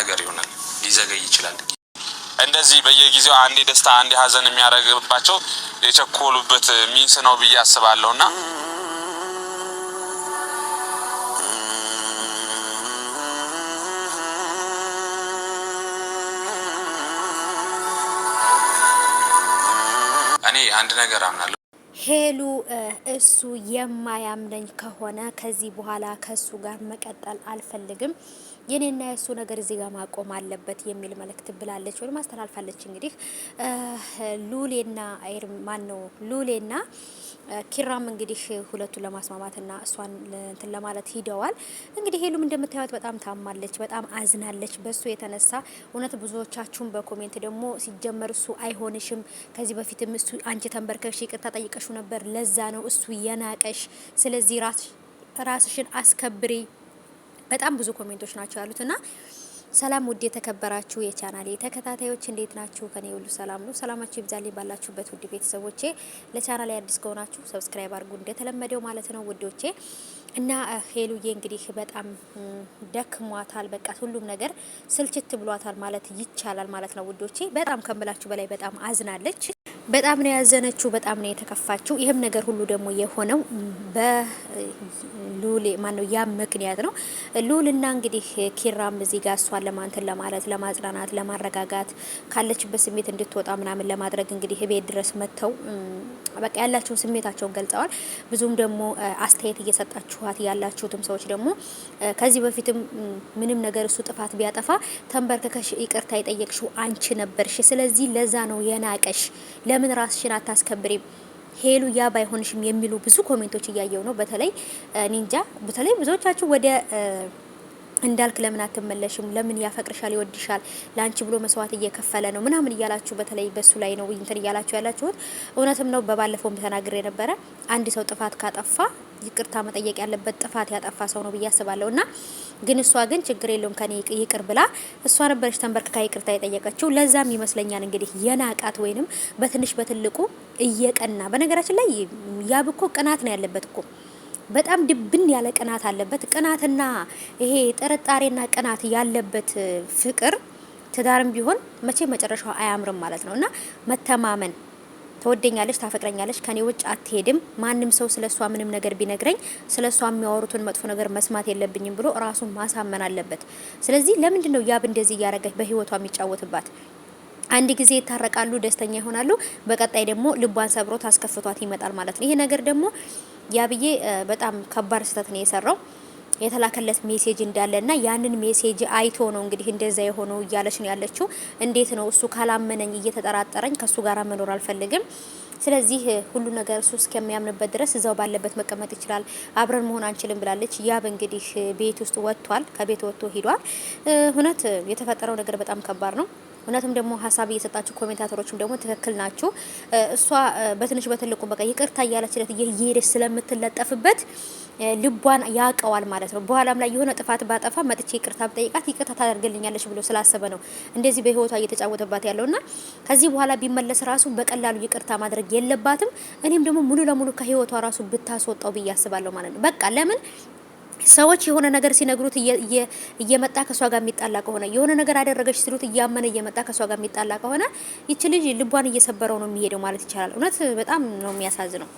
ነገር ይሆናል፣ ሊዘገይ ይችላል። እንደዚህ በየጊዜው አንዴ ደስታ አንዴ ሀዘን የሚያደርግባቸው የቸኮሉበት ሚንስ ነው ብዬ አስባለሁ እና እኔ አንድ ነገር አምናለሁ። ሄሉ እሱ የማያምነኝ ከሆነ ከዚህ በኋላ ከሱ ጋር መቀጠል አልፈልግም። የኔና የሱ ነገር እዚህ ጋር ማቆም አለበት የሚል መልእክት ብላለች ወይም አስተላልፋለች። እንግዲህ ሉሌና አይር ማን ነው ሉሌና ኪራም እንግዲህ ሁለቱን ለማስማማትና እሷን እንትን ለማለት ሂደዋል። እንግዲህ ሄሉም እንደምታዩት በጣም ታማለች፣ በጣም አዝናለች። በሱ የተነሳ እውነት ብዙዎቻችሁም በኮሜንት ደግሞ ሲጀመር እሱ አይሆንሽም፣ ከዚህ በፊትም እሱ አንቺ ተንበርከሽ ይቅርታ ጠይቀሹ ነበር፣ ለዛ ነው እሱ የናቀሽ። ስለዚህ ራስሽን አስከብሪ በጣም ብዙ ኮሜንቶች ናቸው ያሉት እና ሰላም ውድ የተከበራችሁ የቻናሌ ተከታታዮች እንዴት ናችሁ? ከኔ ሁሉ ሰላም ነው። ሰላማችሁ ይብዛልኝ ባላችሁበት ውድ ቤተሰቦቼ። ለቻናሌ አዲስ ከሆናችሁ ሰብስክራይብ አድርጉ እንደተለመደው ማለት ነው ውዶቼ። እና ሄሉዬ እንግዲህ በጣም ደክሟታል። በቃ ሁሉም ነገር ስልችት ብሏታል ማለት ይቻላል ማለት ነው ውዶቼ። በጣም ከምላችሁ በላይ በጣም አዝናለች። በጣም ነው ያዘነችው፣ በጣም ነው የተከፋችው። ይህም ነገር ሁሉ ደግሞ የሆነው በሉል ማነው ያም ምክንያት ነው። ሉልና እንግዲህ ኪራም እዚህ ጋር እሷን ለማንትን ለማለት ለማጽናናት፣ ለማረጋጋት ካለችበት ስሜት እንድትወጣ ምናምን ለማድረግ እንግዲህ ቤት ድረስ መጥተው በቃ ያላቸውን ስሜታቸውን ገልጸዋል። ብዙም ደግሞ አስተያየት እየሰጣችኋት ያላችሁትም ሰዎች ደግሞ ከዚህ በፊትም ምንም ነገር እሱ ጥፋት ቢያጠፋ ተንበርክከሽ ይቅርታ የጠየቅሽው አንቺ ነበርሽ። ስለዚህ ለዛ ነው የናቀሽ ለምን ራስሽን አታስከብሪም ሄሉ ያ ባይሆንሽም የሚሉ ብዙ ኮሜንቶች እያየው ነው። በተለይ ኒንጃ በተለይ ብዙዎቻችሁ ወደ እንዳልክ ለምን አትመለሽም? ለምን ያፈቅርሻል፣ ይወድሻል፣ ለአንቺ ብሎ መስዋዕት እየከፈለ ነው ምናምን እያላችሁ በተለይ በሱ ላይ ነው እንትን እያላችሁ ያላችሁት። እውነትም ነው። በባለፈውም ተናግሬ ነበረ። አንድ ሰው ጥፋት ካጠፋ ይቅርታ መጠየቅ ያለበት ጥፋት ያጠፋ ሰው ነው ብዬ አስባለሁ። እና ግን እሷ ግን ችግር የለውም ከኔ ይቅር ብላ እሷ ነበረች ተንበርክካ ይቅርታ የጠየቀችው። ለዛም ይመስለኛል እንግዲህ የናቃት ወይንም በትንሽ በትልቁ እየቀና በነገራችን ላይ ያብ እኮ ቅናት ነው ያለበት እኮ በጣም ድብን ያለ ቅናት አለበት። ቅናትና ይሄ ጥርጣሬና ቅናት ያለበት ፍቅር ትዳርም ቢሆን መቼ መጨረሻው አያምርም ማለት ነው እና መተማመን ተወደኛለች ታፈቅረኛለች፣ ከኔ ውጭ አትሄድም፣ ማንም ሰው ስለ እሷ ምንም ነገር ቢነግረኝ ስለ እሷ የሚያወሩትን መጥፎ ነገር መስማት የለብኝም ብሎ ራሱን ማሳመን አለበት። ስለዚህ ለምንድን ነው ያብ እንደዚህ እያረገች በህይወቷ የሚጫወትባት? አንድ ጊዜ ይታረቃሉ፣ ደስተኛ ይሆናሉ። በቀጣይ ደግሞ ልቧን ሰብሮ ታስከፍቷት ይመጣል ማለት ነው። ይሄ ነገር ደግሞ ያብዬ በጣም ከባድ ስህተት ነው የሰራው። የተላከለት ሜሴጅ እንዳለ እና ያንን ሜሴጅ አይቶ ነው እንግዲህ እንደዛ የሆነው እያለች ነው ያለችው። እንዴት ነው እሱ ካላመነኝ እየተጠራጠረኝ ከሱ ጋር መኖር አልፈልግም። ስለዚህ ሁሉ ነገር እሱ እስከሚያምንበት ድረስ እዛው ባለበት መቀመጥ ይችላል፣ አብረን መሆን አንችልም ብላለች። ያብ እንግዲህ ቤት ውስጥ ወጥቷል፣ ከቤት ወጥቶ ሂዷል። እውነት የተፈጠረው ነገር በጣም ከባድ ነው። እውነትም ደግሞ ሀሳብ እየሰጣችሁ ኮሜንታተሮችም ደግሞ ትክክል ናችሁ። እሷ በትንሽ በትልቁ በቃ ይቅርታ እያለችለት እየሄደች ስለምትለጠፍበት ልቧን ያቀዋል ማለት ነው። በኋላም ላይ የሆነ ጥፋት ባጠፋ መጥቼ ይቅርታ ብጠይቃት ይቅርታ ታደርግልኛለች ብሎ ስላሰበ ነው እንደዚህ በህይወቷ እየተጫወተባት ያለውና ከዚህ በኋላ ቢመለስ ራሱ በቀላሉ ይቅርታ ማድረግ የለባትም። እኔም ደግሞ ሙሉ ለሙሉ ከህይወቷ ራሱ ብታስወጣው ብዬ አስባለሁ ማለት ነው። በቃ ለምን ሰዎች የሆነ ነገር ሲነግሩት እየመጣ ከሷ ጋር የሚጣላ ከሆነ የሆነ ነገር አደረገች ሲሉት እያመነ እየመጣ ከሷ ጋር የሚጣላ ከሆነ ይች ልጅ ልቧን እየሰበረው ነው የሚሄደው ማለት ይቻላል። እውነት በጣም ነው የሚያሳዝነው።